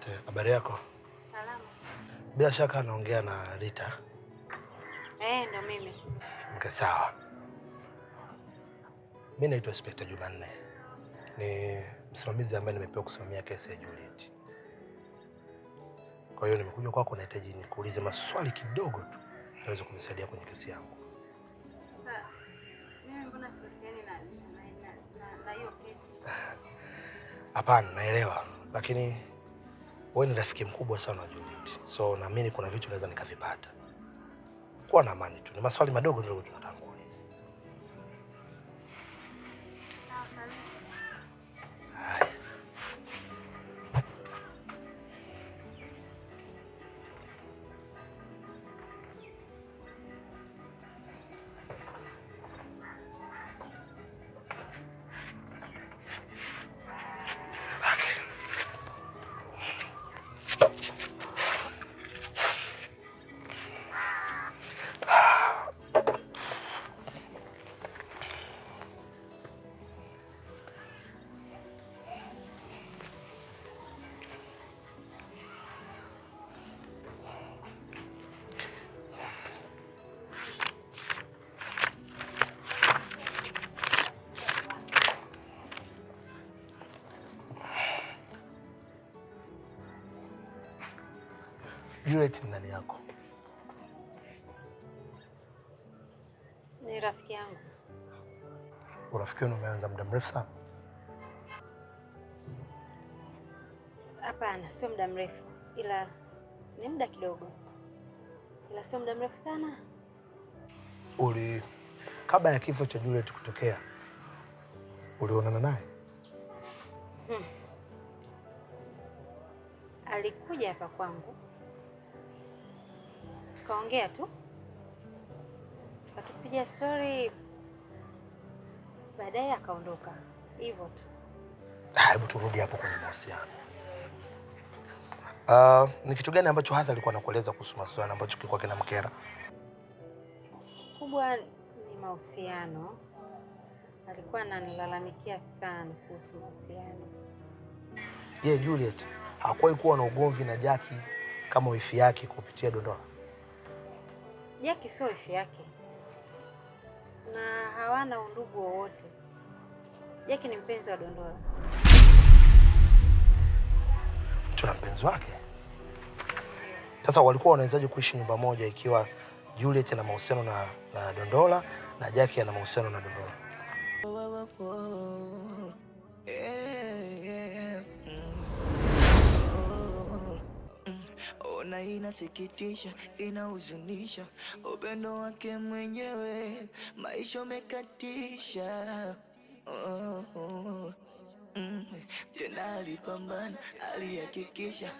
Asante. Habari yako? Salama. Bila shaka anaongea na Rita. Eh, ndo mimi. Mke sawa. Mi naitwa Inspekta Jumanne, ni msimamizi ambaye nimepewa kusimamia kesi ya Juliet. Kwa hiyo nimekuja kwako, nahitaji nikuulize maswali kidogo tu naweza kunisaidia kwenye kesi yangu. Hapana, naelewa lakini wewe ni rafiki mkubwa sana wa so naamini kuna vitu naweza nikavipata. Kuwa na amani tu, ni maswali madogo ndio tunataka Juliet ni nani yako? Ni rafiki yangu. Urafiki wenu umeanza muda mrefu sana? Hapana, sio muda mrefu, ila ni muda kidogo, ila sio muda mrefu sana. Uli, kabla ya kifo cha Juliet kutokea, ulionana naye? Hmm. Alikuja hapa kwangu tukaongea tu, tukatupiga story, baadaye akaondoka hivyo tu. Ah, hebu turudi hapo kwenye mahusiano. Uh, ni kitu gani ambacho hasa alikuwa anakueleza kuhusu mahusiano ambacho kilikuwa kinamkera? Kikubwa ni mahusiano, alikuwa ananilalamikia sana kuhusu mahusiano. Je, yeah, Juliet hakuwahi kuwa na ugomvi na Jackie kama wifi yake kupitia Dondola? jaki sio wifi yake na hawana undugu wowote. jaki ni mpenzi wa Dondola. Mtu na mpenzi wake? Sasa walikuwa wanawezaje kuishi nyumba moja ikiwa Juliet ana mahusiano na, na Dondola na jaki ana mahusiano na Dondola? Ona, oh, inasikitisha, inahuzunisha, upendo wake mwenyewe maisha umekatisha. Oh, oh. Mm, tena alipambana, alihakikisha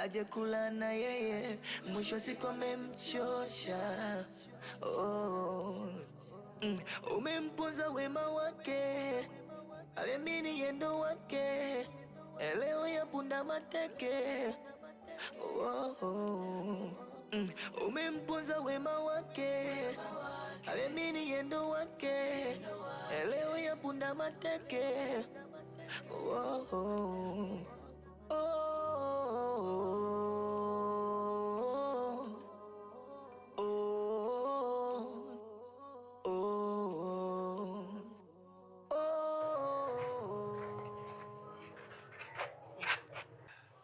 aje kula na yeye, mwisho siku amemchosha. Oh. Mm, wema wake, aliamini yendo wake, eleo ya punda mateke oh, oh, oh. Mm. umemponza wema wake, amemini yendo wake, leo ya mateke oh,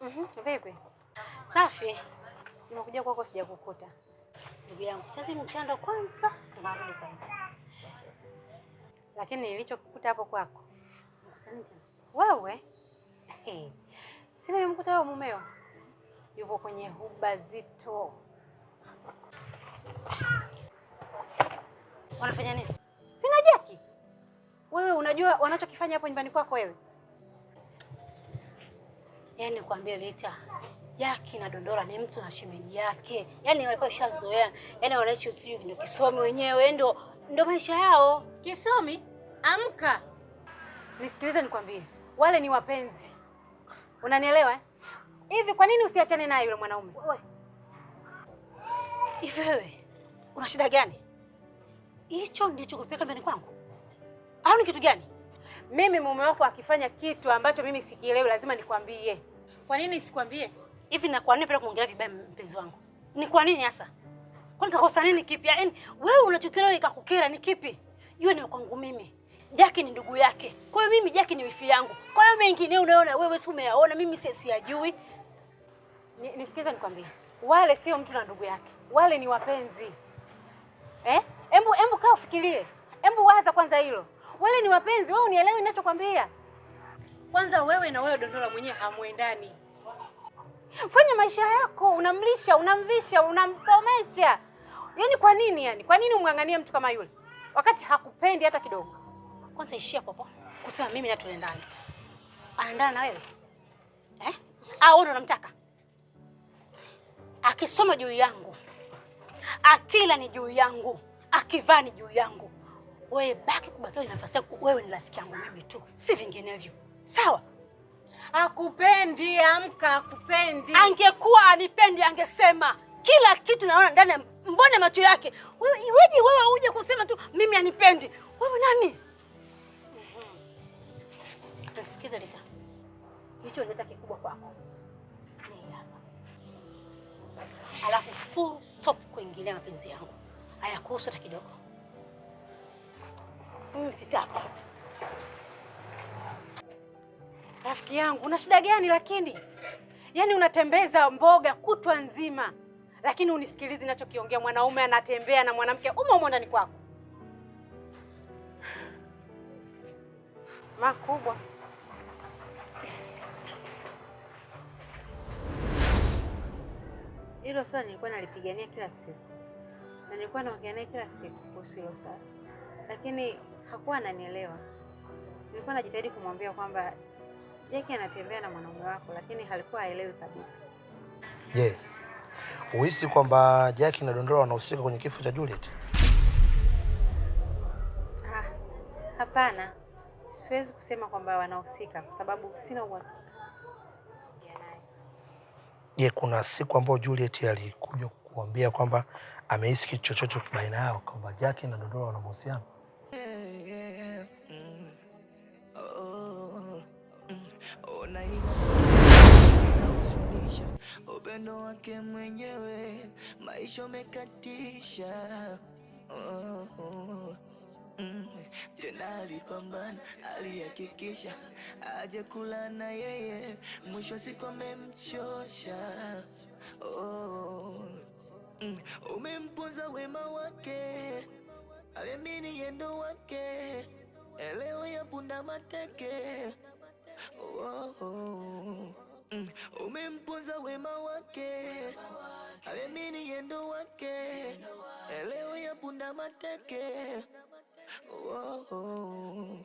mm-hmm. Safi, nimekuja kwako, sijakukuta ndugu yangu. Sasa mchando kwanza, tunarudi sasa. Lakini nilichokukuta hapo kwako, wewe sina, nimekuta wewe mumeo yupo kwenye huba zito. Wanafanya nini? Sina jaki. Wewe unajua wanachokifanya hapo nyumbani kwako wewe? Yaani nikwambie Rita. Jaki na Dondora ni mtu na shemeji yake, yaani walikuwa ushazoea, yaani wanaishi sijui ndio kisomi wenyewe, ndio ndio maisha yao kisomi. Amka nisikilize, nikwambie, wale ni wapenzi, unanielewa eh? hivi? Kwa nini usiachane naye yule mwanaume hivi? Wewe una shida gani? Hicho ndicho kupika mbele kwangu au ni kitu gani? Mimi mume wako akifanya kitu ambacho mimi sikielewi, lazima nikwambie. Kwa nini sikwambie? hivi na kwa nini pia kuongelea vibaya mpenzi wangu? Ni kwa nini hasa? Kwa nini kakosa nini kipi? Yaani wewe unachokiona ikakukera ni kipi? Yule ni kwangu mimi. Jackie ni ndugu yake. Kwa hiyo mimi Jackie ni wifi yangu. Kwa hiyo mengine unaona wewe si umeyaona, mimi siyajui. Ni, nisikize nikwambie. Wale sio mtu na ndugu yake. Wale ni wapenzi. Eh? Embu embu kaa ufikirie. Embu waza kwanza hilo. Wale ni wapenzi. Wewe unielewi ninachokwambia? Kwanza wewe na wewe Dondola mwenyewe hamuendani. Fanya maisha yako, unamlisha, unamvisha, unamsomesha. Yaani kwa nini yani? Kwa nini umng'ang'anie mtu kama yule? Wakati hakupendi hata kidogo. Kwanza ishia kwa popo. Kusema mimi na ndani. Anaendana na wewe? Eh? Au ah, wewe unamtaka? Akisoma juu yangu. Akila ni juu yangu. Akivaa ni juu yangu. Wewe baki na nafasi yako. Wewe ni rafiki yangu mimi tu, si vinginevyo. Sawa? Akupendi, amka, akupendi. Angekuwa anipendi angesema kila kitu naona ndani. Mbone macho yake weji, wewe uje kusema tu mimi anipendi. Wewe nani? Mhm. Sikiza Rita, hicho nileta kikubwa kwako alafu full stop kuingilia mapenzi yangu hayakuhusu hata kidogo. Mimi sitaki. Rafiki yangu una shida gani lakini? Yaani unatembeza mboga kutwa nzima, lakini unisikilizi nachokiongea. Mwanaume anatembea na mwanamke umo umo ndani kwako. Makubwa hilo swali nilikuwa nalipigania kila siku na nilikuwa naongea naye kila siku kuhusu hilo swali, lakini hakuwa ananielewa. Nilikuwa najitahidi kumwambia kwamba Jackie anatembea na mwanaume wako, lakini halikuwa aelewi kabisa. Je, yeah. Uhisi kwamba Jackie na Dondoro wanahusika kwenye kifo cha Juliet? Ah, hapana, siwezi kusema kwamba wanahusika kwa sababu sina uhakika. Je, yeah, kuna siku ambayo Juliet alikuja kukuambia kwamba amehisi kitu chochote baina yao kwamba Jackie na Dondoro wana mahusiano? ona inahuzunisha, upendo wake mwenyewe maisha umekatisha oh, oh. Mm, tena alipambana, alihakikisha aje kula na yeye, mwisho siku amemchosha oh. Mm, umemponza wema wake, aliamini yendo wake, eleo ya punda mateke Oh, oh, oh. umempuza wema wake alemini yendo wake eleo yapunda mateke oh, oh.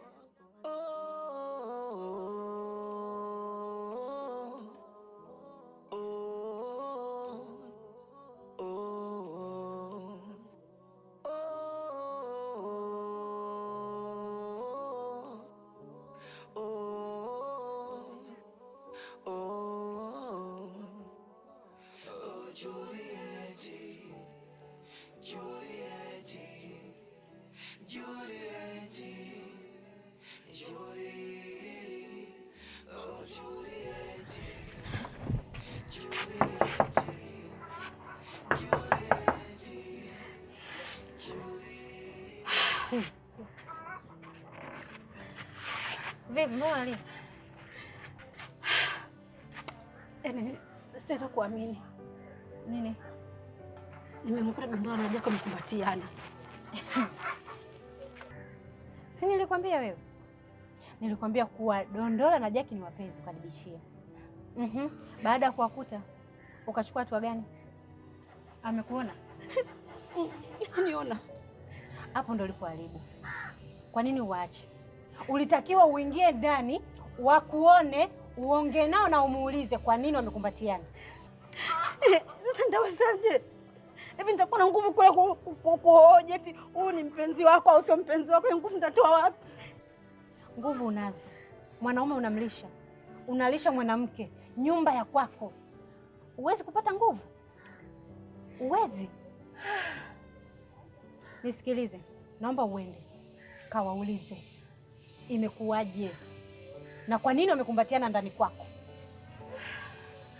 Julieti, Julieti, Julieti, Julie, oh Julieti, Julieti, Yaani sitaweza kuamini. Nini? Nimemkuta Dundula na Jacob mkumbatiana. Si nilikwambia wewe? Nilikwambia kuwa Dondola na Jaki ni wapenzi ukanibishia. Mhm. Baada ya kuwakuta ukachukua hatua gani? Amekuona? Niona. Hapo ndo ulikoharibu. Kwa nini uwache Ulitakiwa uingie ndani, wakuone, uongee nao na umuulize kwa nini wamekumbatiana. Eh, sasa nitawezaje? Hivi nitakuwa na nguvu kule kuhoji eti huyu ni mpenzi wako au sio mpenzi wako? Nguvu nitatoa wapi? Nguvu unazo. Mwanaume unamlisha, unalisha mwanamke, nyumba ya kwako, uwezi kupata nguvu? Uwezi? Nisikilize, naomba uende kawaulize imekuwaje na kwa nini wamekumbatiana ndani kwako.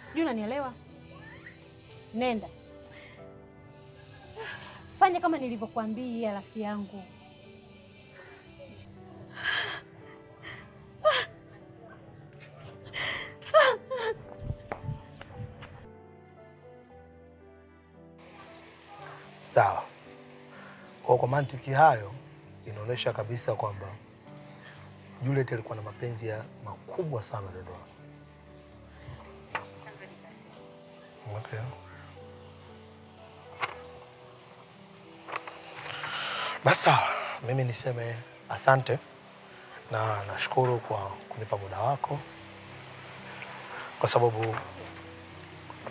Sijui unanielewa? Nenda fanya kama nilivyokuambia, rafiki yangu. Sawa. Kwa mantiki hayo inaonyesha kabisa kwamba Juliet alikuwa na mapenzi ya makubwa sana Dodola. Okay. Basa, mimi niseme asante na nashukuru kwa kunipa muda wako, kwa sababu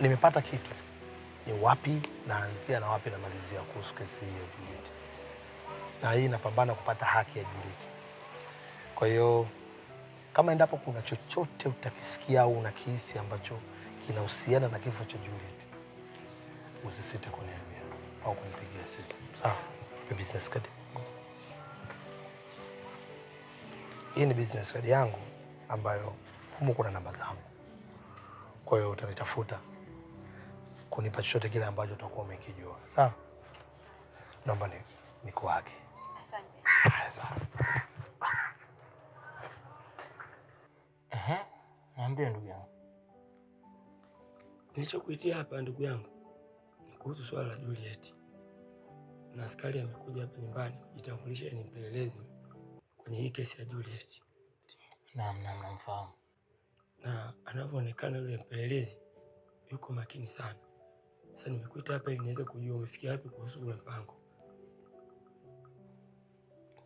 nimepata kitu. Ni wapi naanzia na wapi namalizia kuhusu kesi hii ya Juliet, na hii inapambana kupata haki ya Juliet. Kwa hiyo kama endapo kuna chochote utakisikia au unakihisi ambacho kinahusiana na kifo cha Juliet, usisite kuniambia au kunipigia simu, sawa? business card. Hii ni business card yangu ambayo humu kuna namba zangu, kwa hiyo utanitafuta kunipa chochote kile ambacho utakuwa umekijua. Sawa, naomba nikuage. niambie ndugu yangu. Nilichokuitia hapa ndugu yangu kuhusu swala la Juliet. Kuna askari amekuja hapa nyumbani kujitambulisha ni mpelelezi kwenye hii kesi ya Juliet. Naam, naam, namfahamu. Na anavyoonekana yule mpelelezi yuko makini sana. Sasa nimekuita hapa ili niweze kujua umefikia wapi kuhusu ule mpango.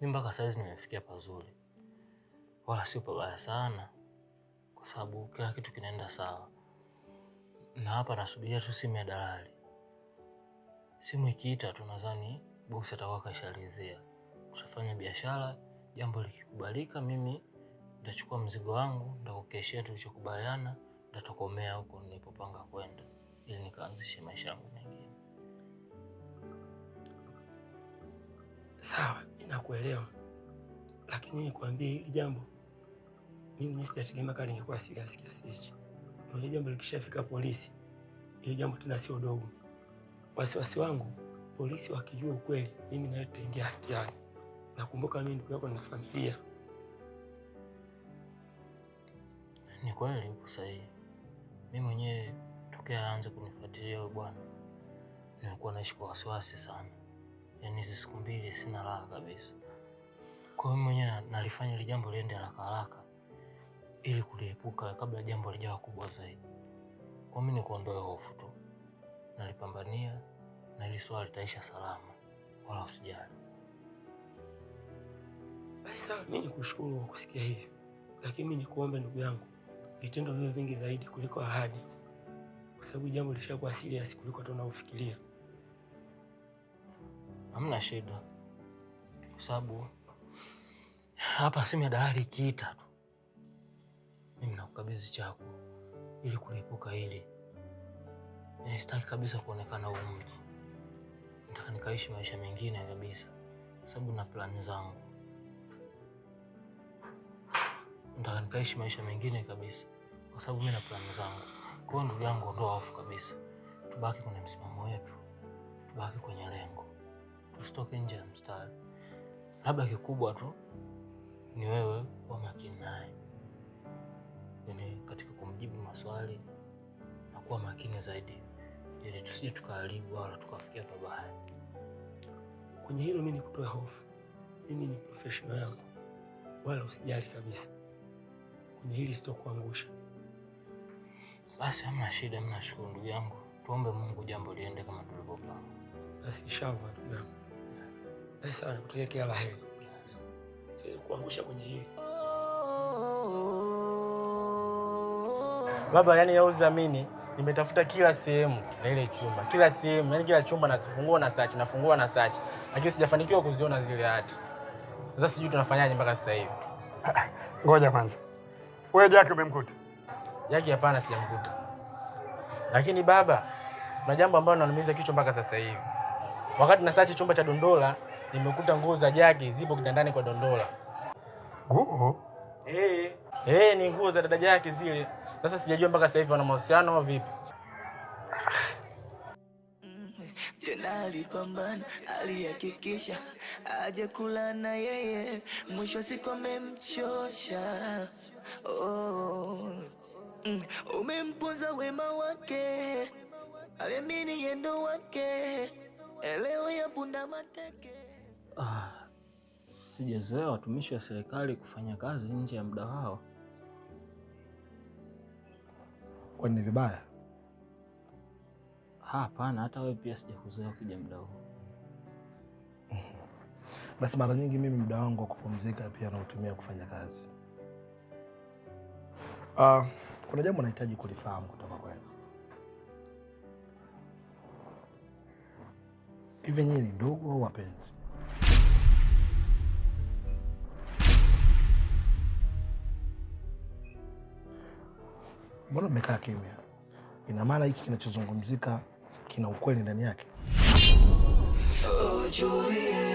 Mimi mpaka saizi nimefikia pazuri, wala sio pabaya sana, kwa sababu kila kitu kinaenda sawa, na hapa nasubiria tu simu ya dalali. Simu ikiita tu nadhani bosi atakuwa kashaelezea. Tutafanya biashara, jambo likikubalika, mimi nitachukua mzigo wangu, nitakukeshea tulichokubaliana, nitatokomea huko nilipopanga kwenda ili nikaanzishe maisha yangu mengine. Sawa, ninakuelewa, lakini nikwambie hili jambo mimi sitategemea kama lingekuwa serious kiasi hichi. Unajua jambo likishafika polisi, hili jambo tena sio dogo. Wasiwasi wangu polisi wakijua ukweli, mimi nawe tutaingia hatiani. Nakumbuka mimi ndugu yako na familia. Ni kweli, uko sahihi. Mimi mwenyewe tokea aanze kunifuatilia huyo bwana, nimekuwa naishi kwa wasiwasi sana, yaani hizi siku mbili sina raha kabisa. Kwa hiyo mimi mwenyewe nalifanya ile jambo liende haraka haraka ili kuliepuka kabla jambo lijawa kubwa zaidi. Kwa mimi ni kuondoa hofu tu, nalipambania hili swala litaisha salama, wala usijali. Basi sawa, mimi nikushukuru kwa kusikia hivyo, lakini mimi nikuombe ndugu yangu, vitendo vio vingi zaidi kuliko ahadi, kwa sababu jambo lishakuwa serious kuliko hata unavyofikiria. Hamna shida, kwa sababu hapa simu ya dahari ikiita tu mimi nakukabidhi chako ili kuliepuka hili. Sitaki kabisa kuonekana huu mji nikaishi maisha mengine kabisa, sababu na plani zangu nataka nikaishi maisha mengine kabisa, kwa sababu mimi na plani zangu. Kwa hiyo ndugu yangu, ondoa hofu kabisa, tubaki kwenye msimamo wetu, tubaki kwenye lengo, tusitoke nje ya mstari. Labda kikubwa tu ni wewe wa makini naye, yaani katika kumjibu maswali na kuwa makini zaidi, ili tusije tukaharibu wala tukafikia pabaya. Kwenye hilo mimi nikutoa hofu, mimi ni professional yangu, wala usijali kabisa. Kwenye hili sitokuangusha. Basi hamna shida, mna shukuru ndugu yangu, tuombe Mungu jambo liende kama tulivyopanga. Basi inshallah ndugu yangu, basi sana, kutakia kila la heri, siwezi kuangusha kwenye hili baba, yani yaudhamini nimetafuta kila sehemu na ile chumba, kila sehemu, yani kila chumba nafungua na search, nafungua na search, lakini sijafanikiwa kuziona zile hati. Sasa sijui tunafanyaje mpaka sasa hivi. Ngoja kwanza, wewe Jaki umemkuta? Jaki, hapana, sijamkuta. Lakini baba, kuna jambo ambalo linaniumiza kichwa mpaka sasa hivi. Wakati na search chumba cha Dondola, nimekuta nguo za Jaki zipo kitandani kwa Dondola. Nguo? Eh, eh, ni nguo za dada Jaki zile. Sasa sijajua mpaka sasa hivi wana mahusiano au vipi? Tena alipambana, alihakikisha aje kula na yeye, mwisho siku amemchosha. Oh, mm, umempoza wema wake, alemini yendo wake, leo ya punda mateke. Ah, sijazoea watumishi wa serikali kufanya kazi nje ya muda wao. Kwani vibaya? Ah, hapana, hata wewe pia sijakuzoea kuja muda huu. Basi mara nyingi mimi muda wangu wa kupumzika pia nautumia kufanya kazi. Uh, kuna jambo nahitaji kulifahamu kutoka kwenu. Hivi nyinyi ni ndugu au wapenzi? Mbona mmekaa kimya? Ina maana hiki kinachozungumzika kina ukweli ndani yake. Oh, Juliet.